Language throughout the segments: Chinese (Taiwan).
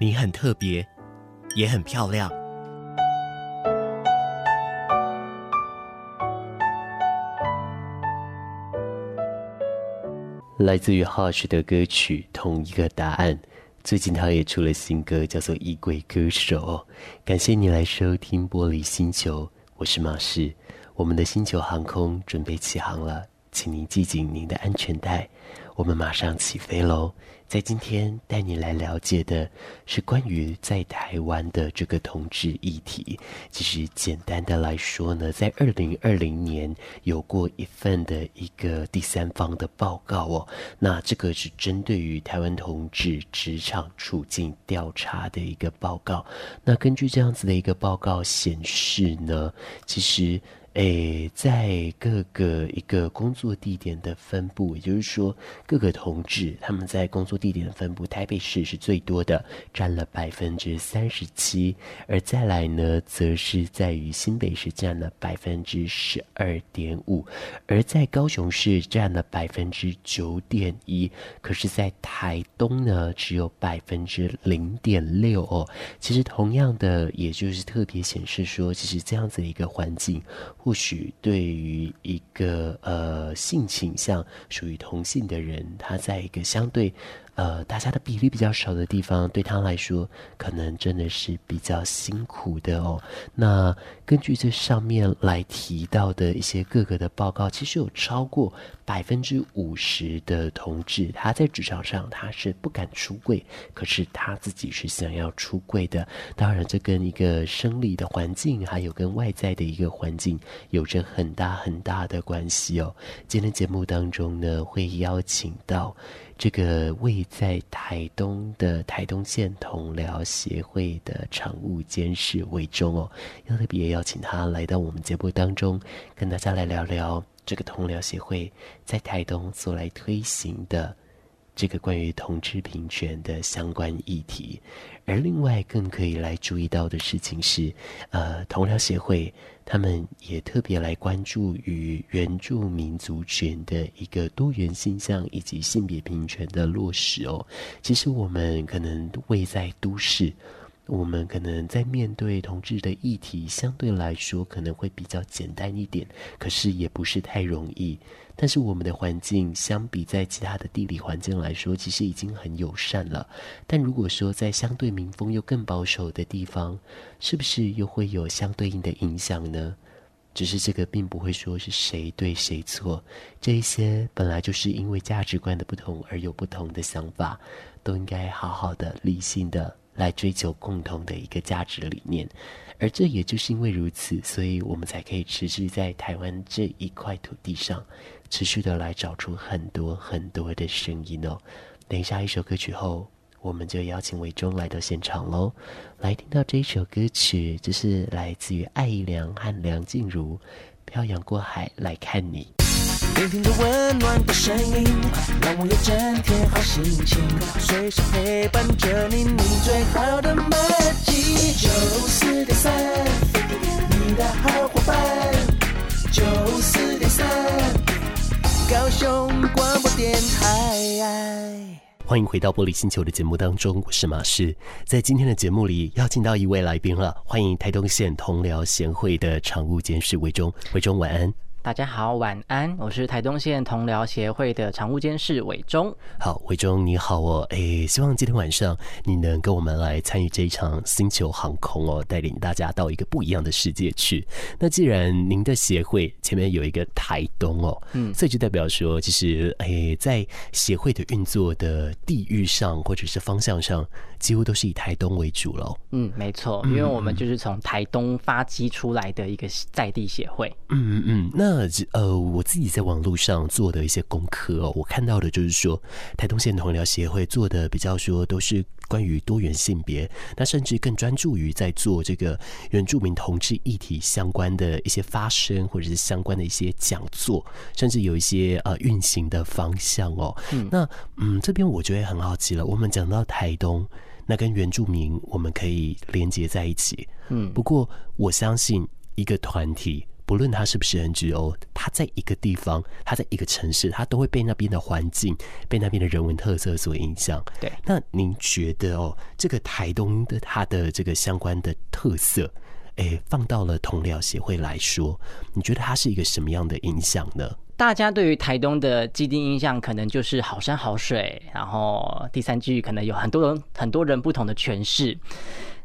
你很特別，也很漂亮。來自於 Hush 的歌曲《同一個答案》，最近他也出了新歌，叫做《衣櫃歌手》。感謝你來收聽《玻璃星球》，我是馬仕。我們的星球航空準備起航了，請您繫緊您的安全帶。我們馬上起飛嘍！在今天帶你來了解的是關於在台灣的這個同志議題。其實簡單的來說呢，在二零二零年有過一份的一個第三方的報告哦，那這個是針對於台灣同志職場處境調查的一個報告。那根據這樣子的一個報告顯示呢，其實。誒、哎，在各個一個工作地點的分佈，也就是說，各個同志他們在工作地點的分佈，台北市是最多的，占了百分之三十七，而再來呢，則是在於新北市占了百分之十二點五，而在高雄市占了百分之九點一，可是，在台東呢，只有百分之零點六哦。其實，同樣的，也就是特別顯示說，其實這樣子的一個環境。或許對於一個呃性傾向屬於同性的人，他在一個相對。呃，大家的比例比較少的地方，對他來說，可能真的是比較辛苦的哦。那根據這上面來提到的一些各個的報告，其實有超過百分之五十的同志，他在職場上他是不敢出櫃，可是他自己是想要出櫃的。當然，這跟一個生理的環境，還有跟外在的一個環境，有着很大很大的關係哦。今天節目當中呢，會邀請到……這個位在台東的台東縣同僚協會的常務監事魏中，哦，要特別邀請他來到我們節目當中，跟大家來聊聊這個同僚協會在台東所來推行的這個關於同志平權的相關議題。而另外更可以來注意到的事情是，呃，同僚協會。他們也特別來關注於原住民族群的一個多元現象，以及性別平權的落實哦。其實我們可能位在都市，我們可能在面對同志的議題，相對來說可能會比較簡單一點，可是也不是太容易。但是我們的環境相比在其他的地理環境來說，其實已經很友善了。但如果說在相對民風又更保守的地方，是不是又會有相對應的影響呢？只是這個並不會說是誰對誰錯，這一些本來就是因為價值觀的不同而有不同的想法，都應該好好的理性的來追求共同的一個價值理念。而這也就是因為如此，所以我們才可以持續在台灣這一塊土地上。持續地來找出很多很多的聲音哦。等下一首歌曲後，我們就邀請魏忠來到現場嘍。來聽到這一首歌曲，就是來自於艾怡良和梁靜茹《漂洋過海來看你》。聆聽着溫暖的聲音，讓我有整天好心情，隨時陪伴着你，你最好的麥基。九四點三，你的好夥伴。九四點三。高雄廣播電臺，歡迎回到《玻璃星球》的節目當中，我是馬世。在今天的節目裡，邀請到一位來賓了，歡迎台東縣同僚賢惠的常務監事魏忠，魏忠晚安。大家好，晚安，我是台東縣同僚協會的常務監事偉忠。好，偉忠，你好哦，誒、欸，希望今天晚上你能跟我們來參與這一場星球航空哦，帶領大家到一個不一樣的世界去。那既然您的協會前面有一個台東哦，嗯，所以就代表說，其實誒、欸，在協會的運作的地域上或者是方向上，幾乎都是以台東為主嘍。嗯，沒錯，因為我們就是從台東發跡出來的一個在地協會。嗯嗯嗯，那。呃，我自己在網絡上做的一些功課。哦，我看到的就是說，台東縣同僚協會做的比較說，都是關於多元性別，那甚至更專注於在做這個原住民同志議題相關的一些發聲，或者是相關的一些講座，甚至有一些呃運行的方向哦。嗯，那嗯，這邊我覺得很好奇了。我們講到台東，那跟原住民我們可以連接在一起。嗯，不過我相信一個團體。不論他是不是 NGO，他在一個地方，他在一個城市，他都會被那邊的環境、被那邊的人文特色所影響。對，那您覺得哦，這個台東的它的這個相關的特色？誒，放到了同僚協會來說，你覺得它是一個什麼樣的影響呢？大家對於台東的既定印象，可能就是好山好水，然後第三句可能有很多人很多人不同的詮釋。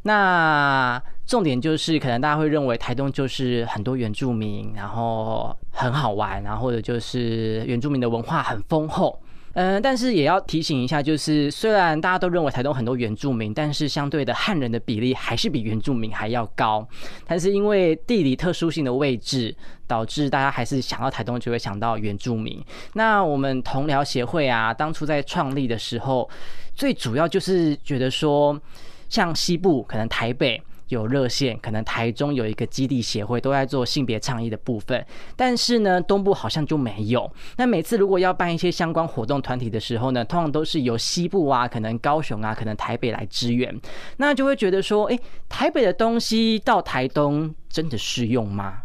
那重點就是，可能大家會認為台東就是很多原住民，然後很好玩，然後或者就是原住民的文化很豐厚。嗯，但是也要提醒一下，就是雖然大家都認為台東很多原住民，但是相對的漢人的比例還是比原住民還要高。但是因為地理特殊性的位置，導致大家還是想到台東就會想到原住民。那我們同僚協會啊，當初在創立的時候，最主要就是覺得說，像西部可能台北。有熱線，可能台中有一個基地協會都在做性別倡議的部分，但是呢，東部好像就沒有。那每次如果要辦一些相關活動團體的時候呢，通常都是由西部啊，可能高雄啊，可能台北來支援，那就會覺得說，哎、欸，台北的東西到台東真的適用嗎？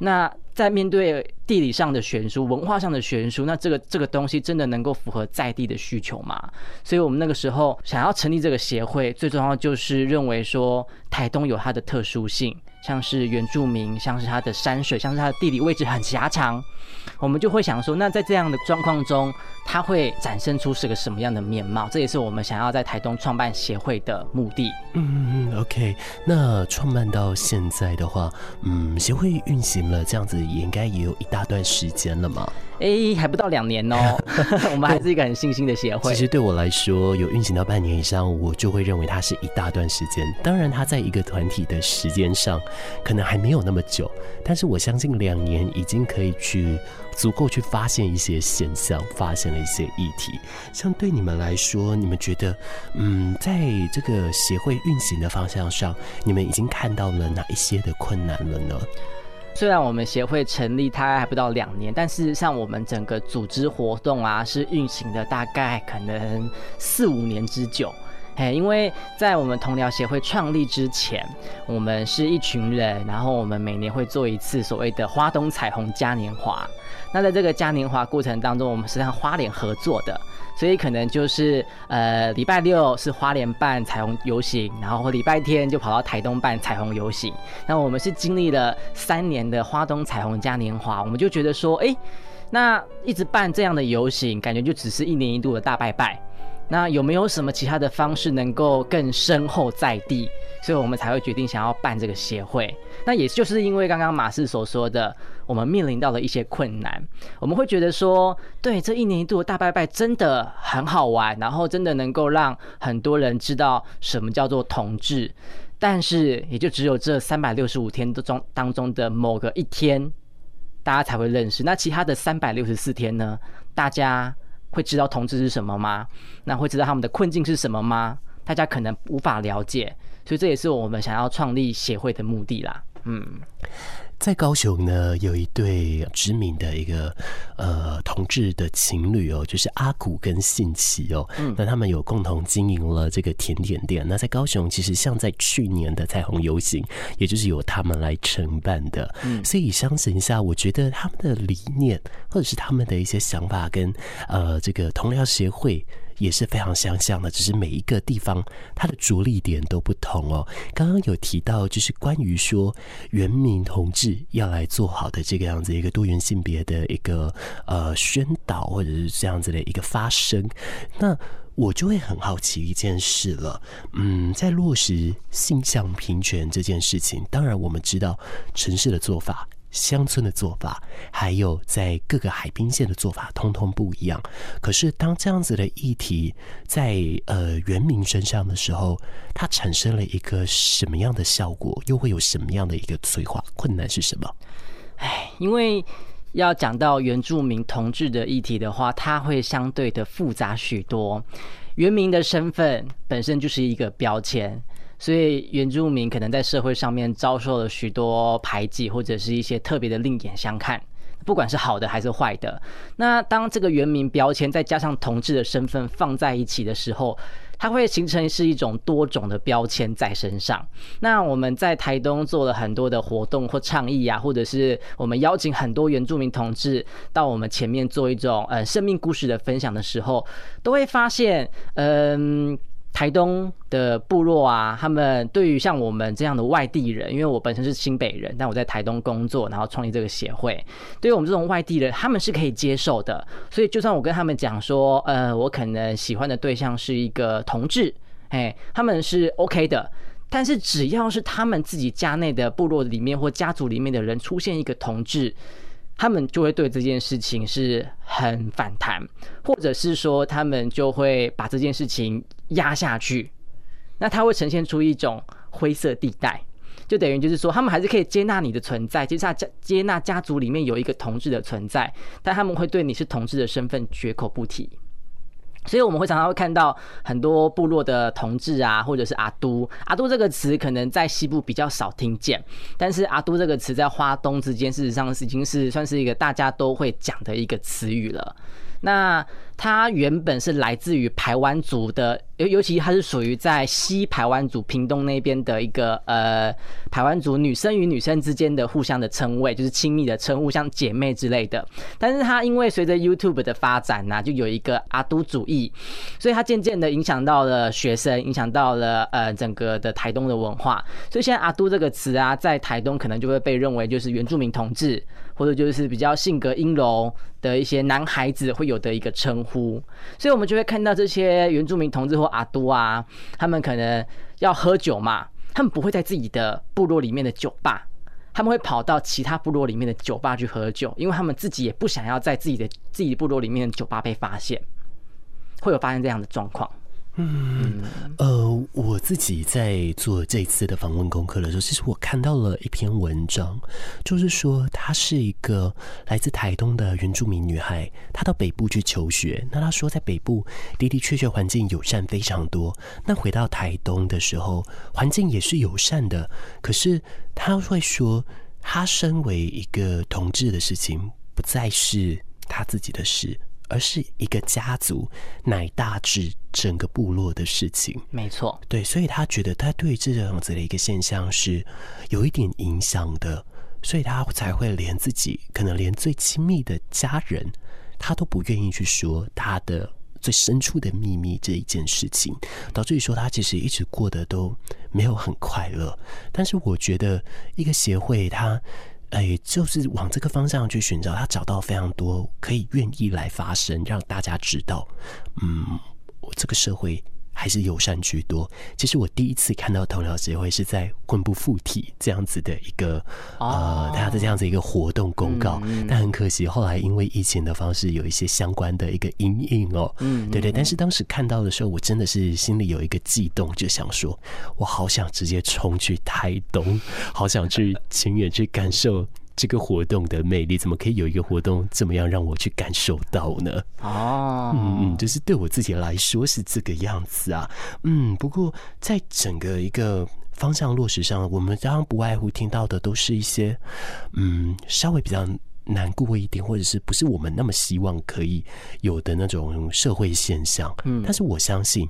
那。在面對地理上的懸殊、文化上的懸殊，那這個這個東西真的能夠符合在地的需求嗎？所以我們那個時候想要成立這個協會，最重要就是認為說台東有它的特殊性。像是原住民，像是它的山水，像是它的地理位置很狹長，我們就會想說，那在這樣的狀況中，它會展現出是個什麼樣的面貌？這也是我們想要在台東創辦協會的目的。嗯，OK，那創辦到現在的話，嗯，協會運行了這樣子，也應該也有一大段時間了嘛？哎、欸，還不到兩年哦，我們還是一個很新興的協會。其實對我來說，有運行到半年以上，我就會認為它是一大段時間。當然，它在一個團體的時間上。可能還沒有那麼久，但是我相信兩年已經可以去足夠去發現一些現象、發現了一些議題。像對你們來說，你們覺得，嗯，在這個協會運行的方向上，你們已經看到了哪一些的困難了呢？雖然我們協會成立，大概還不到兩年，但是像我們整個組織活動啊，是運行的大概可能四五年之久。哎，因為在我們同志協會創立之前，我們是一群人，然後我們每年會做一次所謂的花東彩虹嘉年華。那在這個嘉年華過程當中，我們是跟花蓮合作的，所以可能就是呃禮拜六是花蓮辦彩虹遊行，然後禮拜天就跑到台東辦彩虹遊行。那我們是經歷了三年的花東彩虹嘉年華，我們就覺得說，哎，那一直辦這樣的遊行，感覺就只是一年一度的大拜拜。那有沒有什麼其他的方式能夠更深厚在地？所以我們才會決定想要辦這個協會。那也就是因為剛剛馬斯所說的，我們面臨到了一些困難，我們會覺得說，對，這一年一度的大拜拜真的很好玩，然後真的能夠讓很多人知道什麼叫做同志。但是也就只有這三百六十五天都中當中的某個一天，大家才會認識。那其他的三百六十四天呢？大家。會知道同志是什麼嗎？那會知道他們的困境是什麼嗎？大家可能無法了解，所以這也是我們想要創立協會的目的啦。嗯，在高雄呢，有一對知名的一個呃。同志的情侶哦，就是阿古跟信奇哦，嗯、那他們有共同經營了這個甜點店。那在高雄，其實像在去年的彩虹遊行，也就是由他們來承辦的。嗯、所以相信一下，我覺得他們的理念或者是他們的一些想法跟，跟呃這個同僚協會。也是非常相像的，只是每一個地方它的着力點都不同哦。剛剛有提到，就是關於說原民同志要來做好的這個樣子一個多元性別的一個呃宣導或者是這樣子的一個發聲，那我就會很好奇一件事了，嗯，在落實性向平權這件事情，當然我們知道城市的做法。鄉村的做法，還有在各個海濱線的做法，通通不一樣。可是，當這樣子的議題在呃原民身上的時候，它產生了一個什麼樣的效果？又會有什麼樣的一個催化？困難是什麼？唉，因為要講到原住民同志的議題的話，它會相對的複雜許多。原民的身份本身就是一個標籤。所以原住民可能在社會上面遭受了許多排擠，或者是一些特別的另眼相看，不管是好的還是壞的。那當這個原民標籤再加上同志的身份放在一起的時候，它會形成是一種多種的標籤在身上。那我們在台東做了很多的活動或倡議啊，或者是我們邀請很多原住民同志到我們前面做一種呃生命故事的分享的時候，都會發現，嗯、呃。台東的部落啊，他們對於像我們這樣的外地人，因為我本身是新北人，但我在台東工作，然後創立這個協會，對於我們這種外地人，他們是可以接受的。所以，就算我跟他們講說，呃，我可能喜歡的對象是一個同志，欸，他們是 OK 的。但是，只要是他們自己家內的部落裡面或家族裡面的人出現一個同志，他們就會對這件事情是很反彈，或者是說他們就會把這件事情壓下去。那他會呈現出一種灰色地帶，就等於就是說，他們還是可以接納你的存在，接納家接納家族裡面有一個同志的存在，但他們會對你是同志的身份絕口不提。所以我們會常常會看到很多部落的同志啊，或者是阿都。阿都這個詞可能在西部比較少聽見，但是阿都這個詞在花東之間，事實上是已經是算是一個大家都會講的一個詞語了。那它原本是來自於排灣族的，尤尤其它是屬於在西排灣族屏東那邊的一個呃排灣族女生與女生之間的互相的稱謂，就是親密的稱呼，像姐妹之類的。但是它因為隨着 YouTube 的發展呢、啊，就有一個阿都主義，所以它漸漸的影響到了學生，影響到了呃整個的台東的文化。所以現在阿都這個詞啊，在台東可能就會被認為就是原住民同志。或者就是比較性格陰柔的一些男孩子會有的一個稱呼，所以我們就會看到這些原住民同志或阿多啊，他們可能要喝酒嘛，他們不會在自己的部落裡面的酒吧，他們會跑到其他部落裡面的酒吧去喝酒，因為他們自己也不想要在自己的自己的部落裡面的酒吧被發現，會有發生這樣的狀況。嗯，呃，我自己在做這次的訪問功課的時候，其實我看到了一篇文章，就是說，她是一個來自台東的原住民女孩，她到北部去求學。那她說在北部的的確確環境友善非常多，那回到台東的時候，環境也是友善的。可是她會說，她身為一個同志的事情，不再是她自己的事。而是一個家族乃大至整個部落的事情，沒錯。對，所以他覺得他對這樣子的一個現象是有一點影響的，所以他才會連自己可能連最親密的家人，他都不願意去說他的最深處的秘密這一件事情，導致於說他其實一直過得都沒有很快樂。但是我覺得一個協會他。哎，就是往這個方向去尋找，他找到非常多可以願意來發聲，讓大家知道，嗯，我這個社會。還是友善居多。其實我第一次看到頭鳥協會是在“魂不附體”這樣子的一個、oh. 呃，他的這樣子一個活動公告，mm hmm. 但很可惜後來因為疫情的方式有一些相關的一個陰影哦，嗯、mm，hmm. 對對。但是當時看到的時候，我真的是心裡有一個悸動，就想說，我好想直接衝去台東，好想去親眼去感受。這個活動的魅力，怎麼可以有一個活動，怎麼樣讓我去感受到呢？啊嗯，就是對我自己來說是這個樣子啊。嗯，不過在整個一個方向落實上，我們當然不外乎聽到的都是一些，嗯，稍微比較。難過一點，或者是不是我們那麼希望可以有的那種社會現象？嗯，但是我相信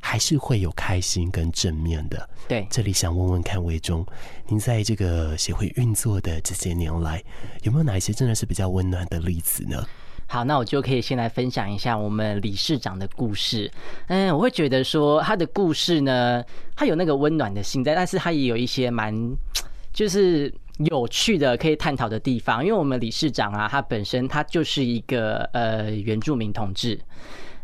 還是會有開心跟正面的。對，這裡想問問看魏中，您在這個協會運作的這些年來，有沒有哪一些真的是比較溫暖的例子呢？好，那我就可以先來分享一下我們理事長的故事。嗯，我會覺得說他的故事呢，他有那個溫暖的心在，但是他也有一些蠻就是。有趣的可以探討的地方，因為我們理事長啊，他本身他就是一個，呃，原住民同志，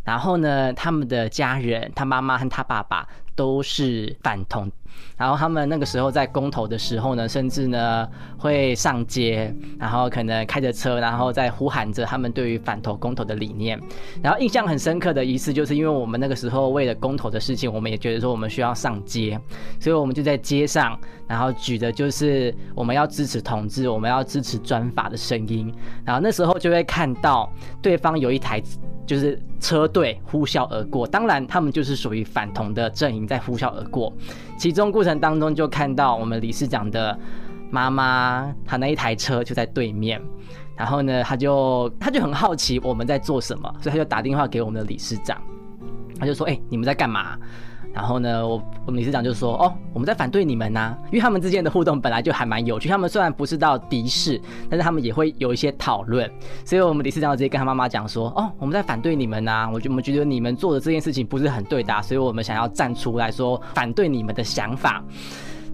然後呢，他們的家人，他媽媽和他爸爸。都是反同，然後他們那個時候在公投的時候呢，甚至呢會上街，然後可能開着車，然後在呼喊着他們對於反同公投的理念。然後印象很深刻的一次，就是因為我們那個時候為了公投的事情，我們也覺得說我們需要上街，所以我們就在街上，然後舉的就是我們要支持同志，我們要支持專法的聲音。然後那時候就會看到對方有一台就是車隊呼嘯而過，當然他們就是屬於反同的陣營。在呼嘯而過，其中過程當中就看到我們理事長的媽媽，她那一台車就在對面，然後呢，他就他就很好奇我們在做什麼，所以他就打電話給我們的理事長，他就說：“欸，你們在幹嘛？”然後呢，我我們理事長就說：“哦，我們在反對你們吶，因為他們之間的互動本來就還蠻有趣。他們雖然不是到敵視，但是他們也會有一些討論。所以，我們理事長直接跟他媽媽講說：‘哦，我們在反對你們吶，我覺得我們覺得你們做的這件事情不是很對的，所以我們想要站出來說反對你們的想法。’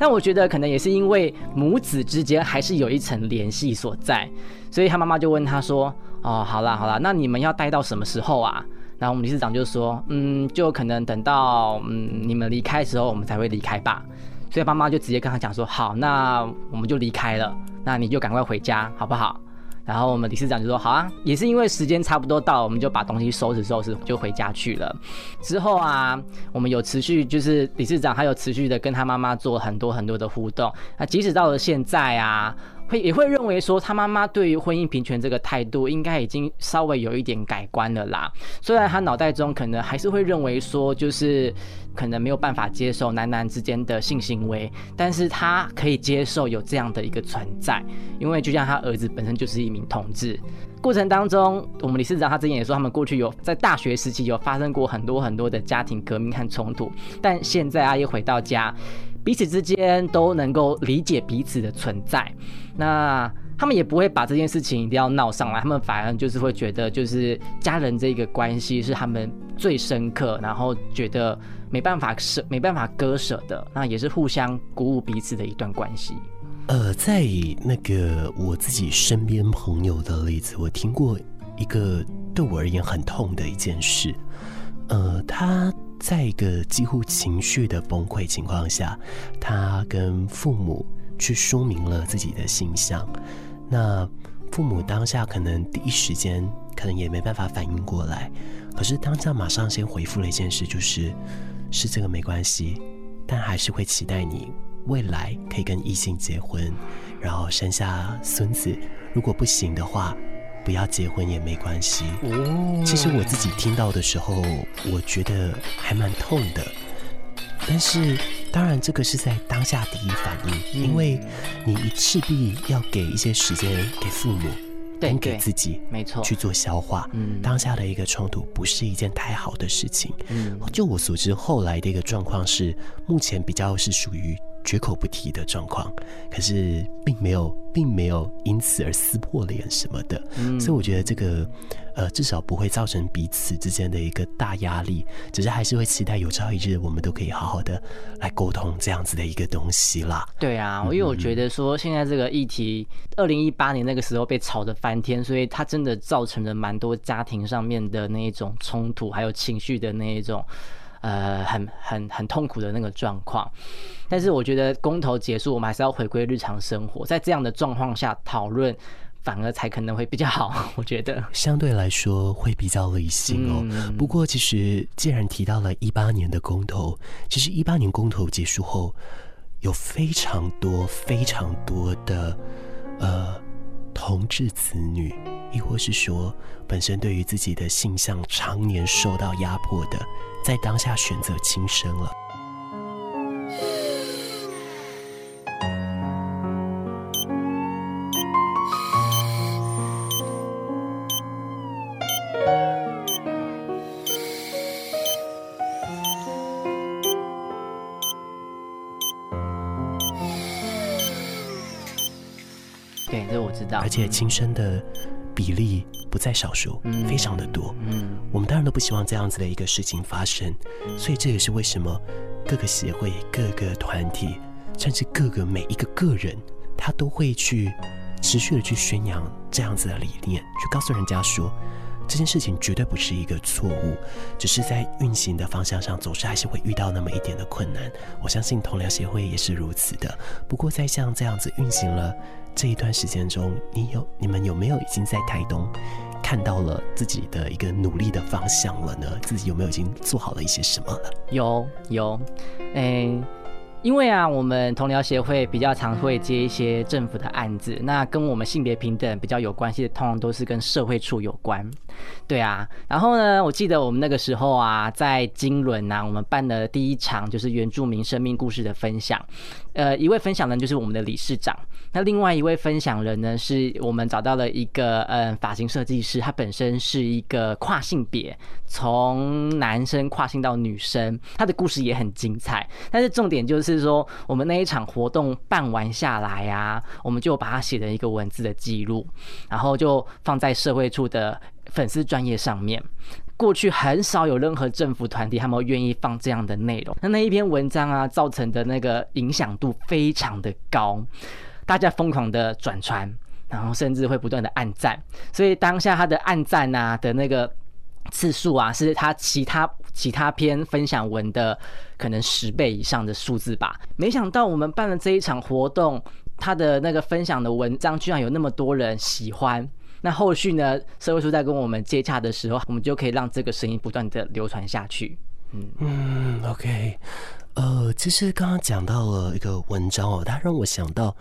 但我覺得可能也是因為母子之間還是有一層聯繫所在，所以他媽媽就問他說：‘哦，好啦好啦，那你們要待到什麼時候啊？’”然後我們理事長就說，嗯，就可能等到嗯，你們離開的時候，我們才會離開吧。所以媽媽就直接跟他講說，好，那我們就離開了，那你就趕快回家好不好？然後我們理事長就說，好啊，也是因為時間差不多到，我們就把東西收拾收拾就回家去了。之後啊，我們有持續就是理事長還有持續的跟他媽媽做很多很多的互動。那啊，即使到了現在啊。會也會認為說，他媽媽對於婚姻平權這個態度，應該已經稍微有一點改觀了啦。雖然他腦袋中可能還是會認為說，就是可能沒有辦法接受男男之間的性行為，但是他可以接受有這樣的一個存在，因為就像他兒子本身就是一名同志。過程當中，我們理事長他之前也說，他們過去有在大學時期有發生過很多很多的家庭革命和衝突，但現在阿、啊、一回到家。彼此之間都能夠理解彼此的存在，那他們也不會把這件事情一定要鬧上來，他們反而就是會覺得，就是家人這個關係是他們最深刻，然後覺得沒辦法捨、沒辦法割捨的，那也是互相鼓舞彼此的一段關係。呃，在那個我自己身邊朋友的例子，我聽過一個對我而言很痛的一件事，呃，他。在一個幾乎情緒的崩潰情況下，他跟父母去說明了自己的形象。那父母當下可能第一時間可能也沒辦法反應過來，可是當下馬上先回復了一件事，就是是這個沒關係，但還是會期待你未來可以跟異性結婚，然後生下孫子。如果不行的話。不要結婚也沒關係。其實我自己聽到的時候，我覺得還蠻痛的。但是，當然這個是在當下第一反應，嗯、因為你勢必要給一些時間給父母，跟對給自己，沒錯，去做消化。當下的一個衝突不是一件太好的事情。嗯、就我所知，後來的一個狀況是，目前比較是屬於。絕口不提的狀況，可是並沒有，並沒有因此而撕破臉什麼的，嗯，所以我覺得這個，呃，至少不會造成彼此之間的一個大壓力，只是還是會期待有朝一日我們都可以好好的來溝通這樣子的一個東西啦。對啊，因為我覺得說現在這個議題，二零一八年那個時候被炒得翻天，所以它真的造成了蠻多家庭上面的那一種衝突，還有情緒的那一種。呃，很很很痛苦的那個狀況，但是我覺得公投結束，我們還是要回歸日常生活，在這樣的狀況下討論，反而才可能會比較好。我覺得相對來說會比較理性哦。不過，其實既然提到了一八年的公投，其實一八年公投結束後，有非常多非常多的呃同志子女，亦或是說本身對於自己的性向常年受到壓迫的。在當下選擇輕生了。對，這我知道。而且輕生的比例。不在少數，非常的多。我們當然都不希望這樣子的一個事情發生，所以這也是為什麼各個協會、各個團體，甚至各個每一個個人，他都會去持續的去宣揚這樣子的理念，去告訴人家說。這件事情絕對不是一個錯誤，只是在運行的方向上，總是還是會遇到那麼一點的困難。我相信同僚協會也是如此的。不過在像這樣子運行了這一段時間中，你有你們有沒有已經在台東看到了自己的一個努力的方向了呢？自己有沒有已經做好了一些什麼了？有有，哎。欸因為啊，我們同僚協會比較常會接一些政府的案子，那跟我們性別平等比較有關係的，通常都是跟社會處有關，對啊。然後呢，我記得我們那個時候啊，在金崙啊，我們辦了第一場就是原住民生命故事的分享，呃，一位分享人就是我們的理事長，那另外一位分享人呢，是我們找到了一個呃髮型設計師，他本身是一個跨性別，從男生跨性到女生，他的故事也很精彩，但是重點就是。是說我們那一場活動辦完下來啊，我們就把它寫了一個文字的記錄，然後就放在社會處的粉絲專頁上面。過去很少有任何政府團體他們願意放這樣的內容。那那一篇文章啊，造成的那個影響度非常的高，大家瘋狂的轉傳，然後甚至會不斷的按讚。所以當下他的按讚啊的那個次數啊，是他其他。其他篇分享文的可能十倍以上的數字吧。沒想到我們辦了這一場活動，他的那個分享的文章居然有那麼多人喜歡。那後續呢？社會書在跟我們接洽的時候，我們就可以讓這個聲音不斷的流傳下去嗯嗯。嗯，OK，呃，其實剛剛講到了一個文章哦，他讓我想到。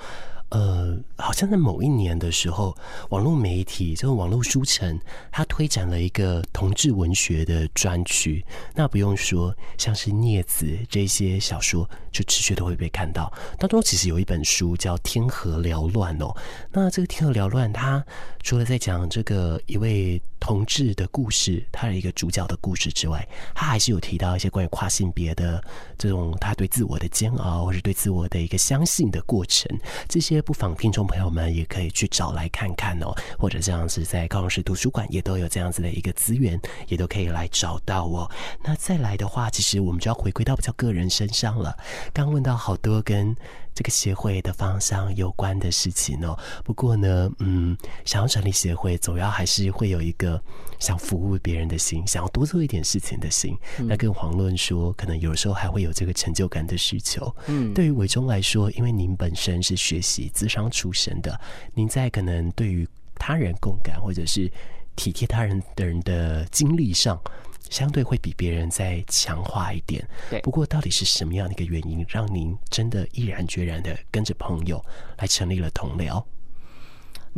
呃，好像在某一年的時候，網絡媒體，這個網絡書城，它推展了一個同志文學的專區。那不用說，像是《孽子》這些小說，就持續都會被看到。當中其實有一本書叫《天河繚亂》哦。那這個《天河繚亂》，它除了在講這個一位同志的故事，他的一個主角的故事之外，它還是有提到一些關於跨性別的這種，他對自我的煎熬，或是對自我的一個相信的過程，這些。不妨聽眾朋友們也可以去找來看看哦，或者這樣子，在高雄市圖書館也都有這樣子的一個資源，也都可以來找到哦。那再來的話，其實我們就要回歸到比較個人身上了。剛問到好多跟。這個協會的方向有關的事情呢、哦，不過呢，嗯，想要成立協會，主要還是會有一個想服務別人的心，想要多做一點事情的心。那更遑論說，可能有時候還會有這個成就感的需求。嗯，對於偉忠來說，因為您本身是學習智商出身的，您在可能對於他人共感或者是體貼他人的人的經歷上，相對會比別人再強化一點，對不過到底是什麼樣的一個原因，讓您真的毅然決然的跟着朋友來成立了同僚哦？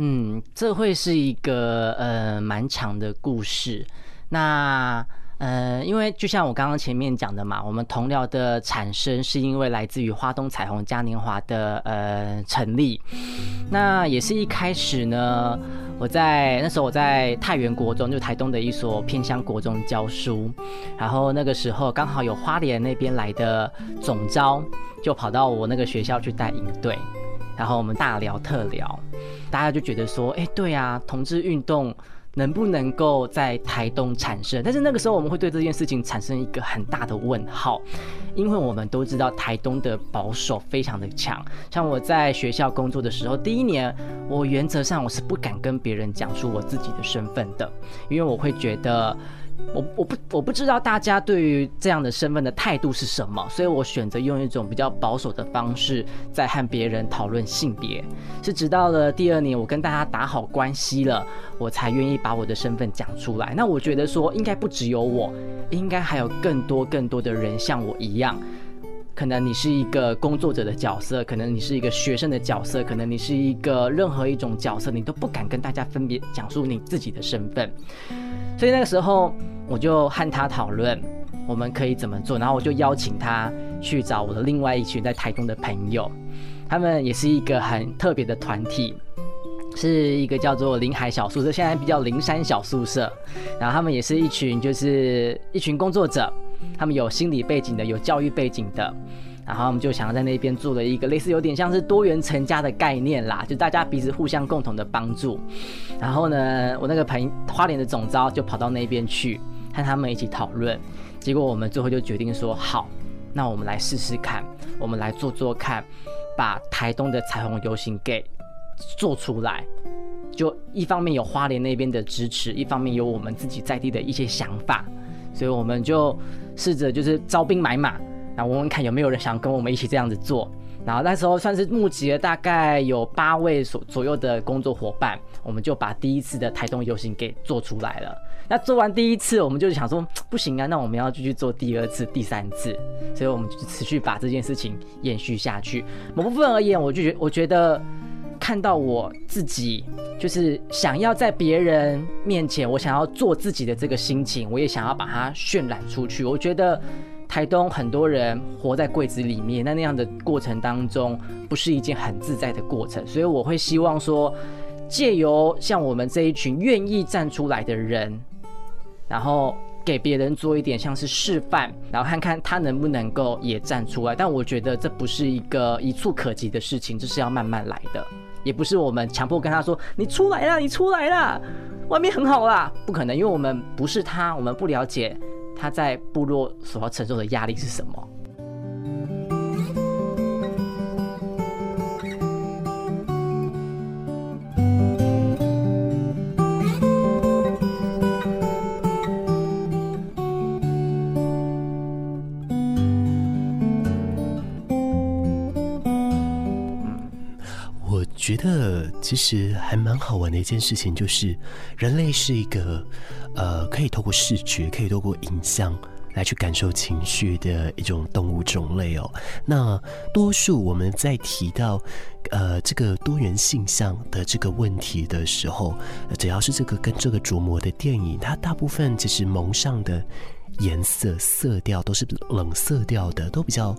嗯，這會是一個呃蠻長的故事，那。呃，因為就像我剛剛前面講的嘛，我們同僚的產生是因為來自於花東彩虹嘉年華的呃成立，那也是一開始呢，我在那時候我在太原國中，就台東的一所偏鄉國中教書，然後那個時候剛好有花蓮那邊來的總召，就跑到我那個學校去帶營隊，然後我們大聊特聊，大家就覺得說，哎、欸，對啊，同志運動。能不能夠在台東產生？但是那個時候我們會對這件事情產生一個很大的問號，因為我們都知道台東的保守非常的強。像我在學校工作的時候，第一年我原則上我是不敢跟別人講出我自己的身份的，因為我會覺得。我我不我不知道大家對於這樣的身份的態度是什麼，所以我選擇用一種比較保守的方式在和別人討論性別。是直到了第二年，我跟大家打好關係了，我才願意把我的身份講出來。那我覺得說，應該不只有我，應該還有更多更多的人像我一樣。可能你是一個工作者的角色，可能你是一個學生的角色，可能你是一個任何一種角色，你都不敢跟大家分別講述你自己的身份。所以那個時候，我就和他討論我們可以怎麼做，然後我就邀請他去找我的另外一群在台中的朋友，他們也是一個很特別的團體，是一個叫做林海小宿舍，現在比較靈山小宿舍，然後他們也是一群就是一群工作者，他們有心理背景的，有教育背景的，然後我們就想要在那邊做了一個類似，有點像是多元成家的概念啦，就大家彼此互相共同的幫助。然後呢，我那個朋花蓮的總召就跑到那邊去和他們一起討論，結果我們最後就決定說好，那我們來試試看，我們來做做看，把台東的彩虹遊行給做出來。就一方面有花蓮那邊的支持，一方面有我們自己在地的一些想法。所以我們就試着就是招兵買馬，然後問問看有沒有人想跟我們一起這樣子做。然後那時候算是募集了大概有八位左右的工作夥伴，我們就把第一次的台東遊行給做出來了。那做完第一次，我們就想說不行啊，那我們要繼續做第二次、第三次。所以我們就持續把這件事情延續下去。某部分而言，我就覺得我覺得。看到我自己，就是想要在別人面前，我想要做自己的這個心情，我也想要把它渲染出去。我覺得台東很多人活在櫃子裡面，那那樣的過程當中，不是一件很自在的過程。所以我會希望說，借由像我們這一群願意站出來的人，然後給別人做一點像是示範，然後看看他能不能夠也站出來。但我覺得這不是一個一蹴可及的事情，這是要慢慢來的。也不是我們強迫跟他說：“你出來啦，你出來啦，外面很好啦。”不可能，因為我們不是他，我們不了解他在部落所要承受的壓力是什麼。其實還蠻好玩的一件事情，就是人類是一個，呃，可以透過視覺、可以透過影像來去感受情緒的一種動物種類哦。那多數我們在提到，呃，這個多元性向的這個問題的時候，只要是這個跟這個琢磨的電影，它大部分其實蒙上的顏色、色調都是冷色調的，都比較。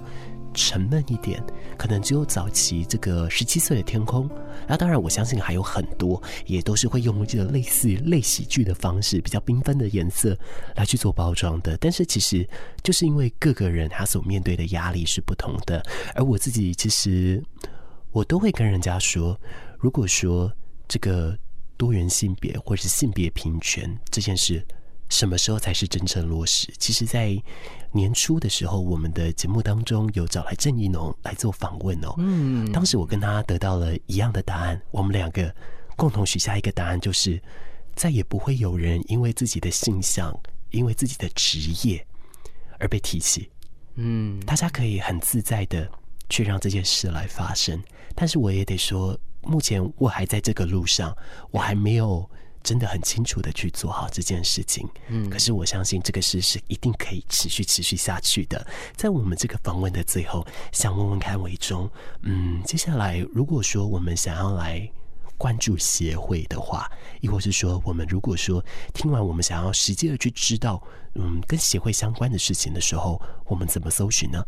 沉悶一點，可能只有早期這個十七歲的天空。那當然，我相信還有很多，也都是會用這個類似、類喜劇的方式，比較繽紛的顏色來去做包裝的。但是，其實就是因為各個人他所面對的壓力是不同的。而我自己其實，我都會跟人家說，如果說這個多元性別或者是性別平權這件事。什麼時候才是真正落實？其實，在年初的時候，我們的節目當中有找來鄭宜農來做訪問哦。嗯，當時我跟他得到了一樣的答案。我們兩個共同許下一個答案，就是再也不會有人因為自己的性向、因為自己的職業而被提起。嗯，大家可以很自在地去讓這件事來發生。但是我也得說，目前我還在這個路上，我還沒有。真的很清楚的去做好這件事情，嗯，可是我相信這個事是一定可以持續持續下去的。在我們這個訪問的最後，想問問看維中，嗯，接下來如果說我們想要來關注協會的話，亦或是說我們如果說聽完我們想要實際的去知道，嗯，跟協會相關的事情的時候，我們怎麼搜尋呢？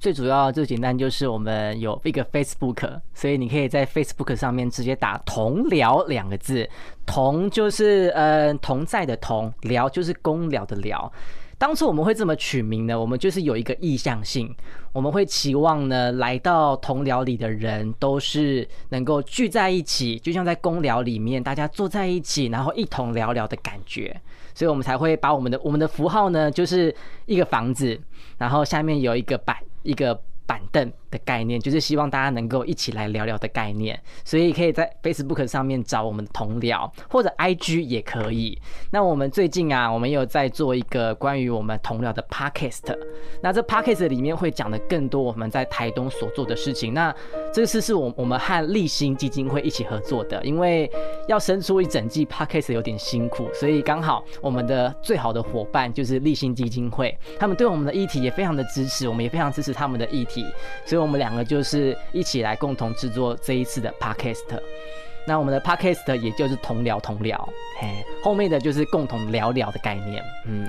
最主要最簡單就是我們有一個 Facebook，所以你可以在 Facebook 上面直接打“同寮”兩個字，“同”就是呃、嗯、同在的“同”，“寮”就是工寮的“寮”。當初我們會這麼取名呢？我們就是有一個意向性，我們會期望呢來到同寮裡的人都是能夠聚在一起，就像在工寮裡面大家坐在一起，然後一同聊聊的感覺，所以我們才會把我們的我們的符號呢就是一個房子，然後下面有一個板。一個。板凳的概念就是希望大家能夠一起來聊聊的概念，所以可以在 Facebook 上面找我們的同僚，或者 IG 也可以。那我們最近啊，我們有在做一個關於我們同僚的 Podcast。那這 Podcast 裡面會講的更多我們在台東所做的事情。那這次是我我們和勵馨基金會一起合作的，因為要生出一整季 Podcast 有點辛苦，所以剛好我們的最好的夥伴就是勵馨基金會，他們對我們的議題也非常的支持，我們也非常支持他們的議題。所以，我們兩個就是一起來共同制作這一次的 podcast。那我們的 podcast 也就是同聊同聊，嘿，後面的就是共同聊聊的概念，嗯。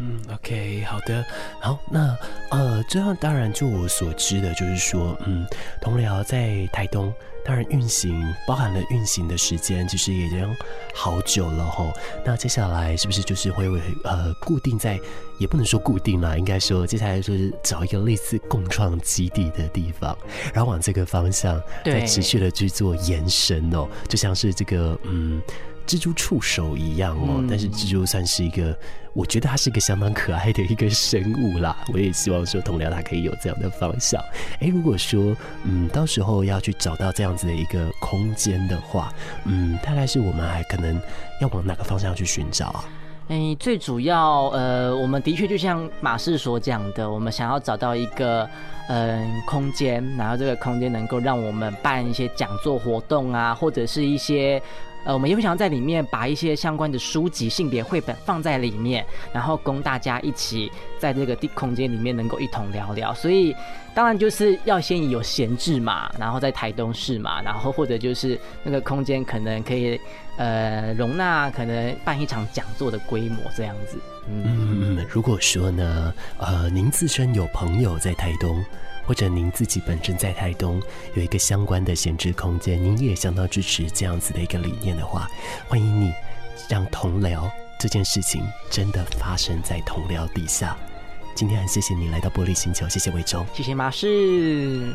嗯，OK，好的，好，那呃，最後當然就我所知的，就是說，嗯，同僚在台東，當然運行包含了運行的時間，其、就、實、是、已經好久了哈。那接下來是不是就是會呃固定在，也不能說固定啦，啊，應該說接下來就是找一個類似共創基地的地方，然後往這個方向對再持續的去做延伸哦，就像是這個嗯。蜘蛛觸手一樣哦、喔，但是蜘蛛算是一個，嗯、我覺得它是一個相當可愛的一個生物啦。我也希望說，同僚他可以有這樣的方向。哎、欸，如果說，嗯，到時候要去找到這樣子的一個空間的話，嗯，大概是我們還可能要往哪個方向去尋找啊？哎、欸，最主要，呃，我們的確就像馬氏所講的，我們想要找到一個，嗯、呃，空間，然後這個空間能夠讓我們辦一些講座活動啊，或者是一些。呃，我們也不想要在裡面把一些相關的書籍、性別繪本放在裡面，然後供大家一起在這個地空間裡面能夠一同聊聊。所以，當然就是要先有閒置嘛，然後在台東市嘛，然後或者就是那個空間可能可以呃容納可能辦一場講座的規模這樣子。嗯，嗯，如果說呢，呃，您自身有朋友在台東？或者您自己本身在台東有一個相關的閒置空間，您也相當支持這樣子的一個理念的話，歡迎你讓同僚這件事情真的發生在同僚底下。今天很謝謝你來到玻璃星球，謝謝魏周，謝謝馬氏。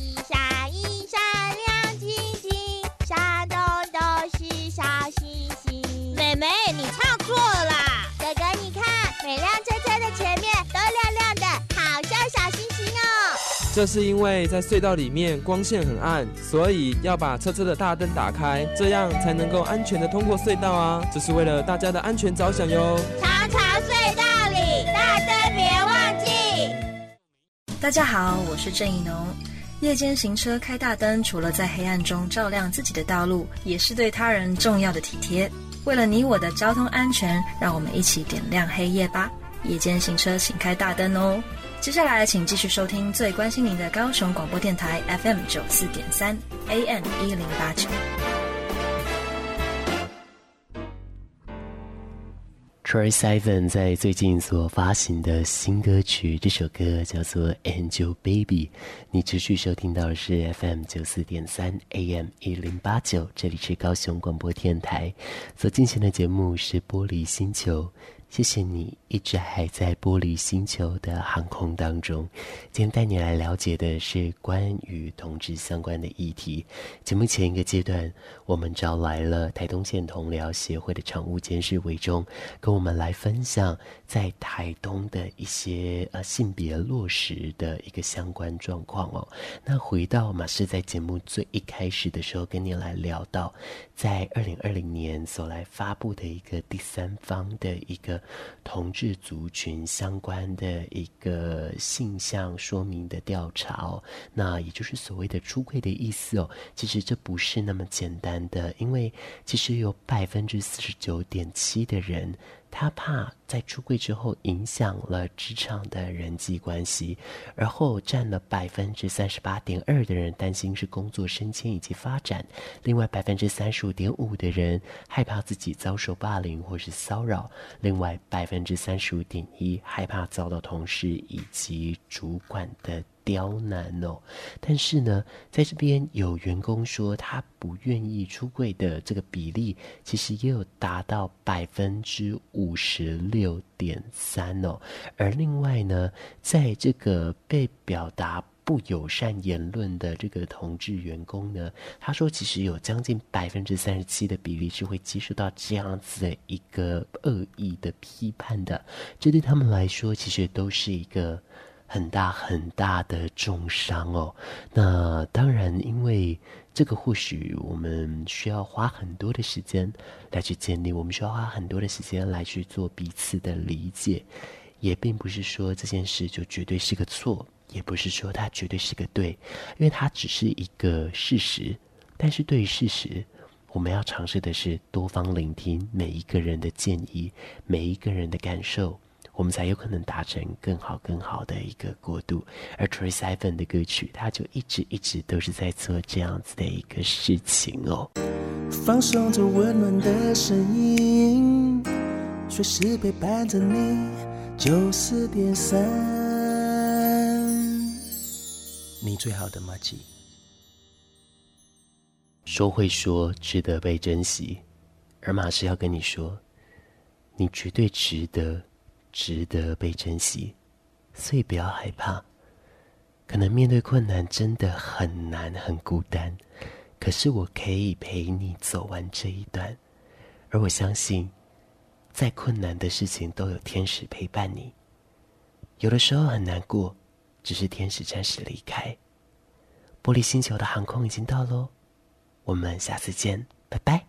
上一閃一閃亮晶晶，沙洞都是小星星。妹妹，你唱錯了。哥哥，你看，每輛車車的前面都亮亮的，好像小星星哦。這是因為在隧道裡面光線很暗，所以要把車車的大燈打開，這樣才能夠安全的通過隧道啊。這是為了大家的安全着想喲。長長隧道裡，大燈別忘記。大家好，我是鄭宜農。夜間行車開大燈，除了在黑暗中照亮自己的道路，也是對他人重要的體貼。為了你我的交通安全，讓我們一起點亮黑夜吧！夜間行車請開大燈哦。接下來，請繼續收聽最關心您的高雄廣播電台 FM 九四點三 AM 一零八九。Troye Sivan 在最近所發行的新歌曲，這首歌叫做《Angel Baby》。你持續收聽到的是 FM 九四點三 AM 一零八九，這裡是高雄廣播電台。所進行的節目是《玻璃星球》，謝謝你。一直還在玻璃星球的航空當中，今天帶你來了解的是關於同志相關的議題。節目前一個階段，我們找來了台東縣同僚協會的常務監事魏忠，跟我們來分享在台東的一些呃性別落實的一個相關狀況哦。那回到馬氏在節目最一開始的時候，跟你來聊到在二零二零年所來發布的一個第三方的一個同志。氏族群相關的一個性向說明的調查哦，那也就是所謂的出櫃的意思哦。其實這不是那麼簡單的，因為其實有百分之四十九點七的人。他怕在出櫃之後影響了職場的人際關係，而後占了百分之三十八點二的人擔心是工作升遷以及發展，另外百分之三十五點五的人害怕自己遭受霸凌或是騷擾，另外百分之三十五點一害怕遭到同事以及主管的。刁難哦，但是呢，在這邊有員工說他不願意出櫃的這個比例，其實也有達到百分之五十六點三哦。而另外呢，在這個被表達不友善言論的這個同志員工呢，他說其實有將近百分之三十七的比例是會接受到這樣子的一個惡意的批判的，這對他們來說其實都是一個。很大很大的重傷哦，那當然，因為這個或許我們需要花很多的時間來去建立，我們需要花很多的時間來去做彼此的理解，也並不是說這件事就絕對是個錯，也不是說它絕對是個對，因為它只是一個事實。但是對於事實，我們要嘗試的是多方聆聽每一個人的建議，每一個人的感受。我們才有可能達成更好、更好的一個過渡。而 Troye Sivan 的歌曲，他就一直、一直都是在做這樣子的一個事情哦。放鬆着溫暖的聲音，隨時陪伴着你。九四點三，你最好的馬吉，說會說，值得被珍惜。而馬師要跟你說，你絕對值得。值得被珍惜，所以不要害怕。可能面對困難真的很難、很孤單，可是我可以陪你走完這一段。而我相信，再困難的事情都有天使陪伴你。有的時候很難過，只是天使暫時離開。玻璃星球的航空已經到嘍，我們下次見，拜拜。